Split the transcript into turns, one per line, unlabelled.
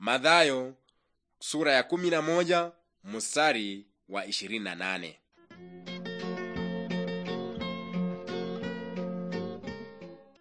Mathayo sura ya kumi na moja mstari wa ishirini na nane.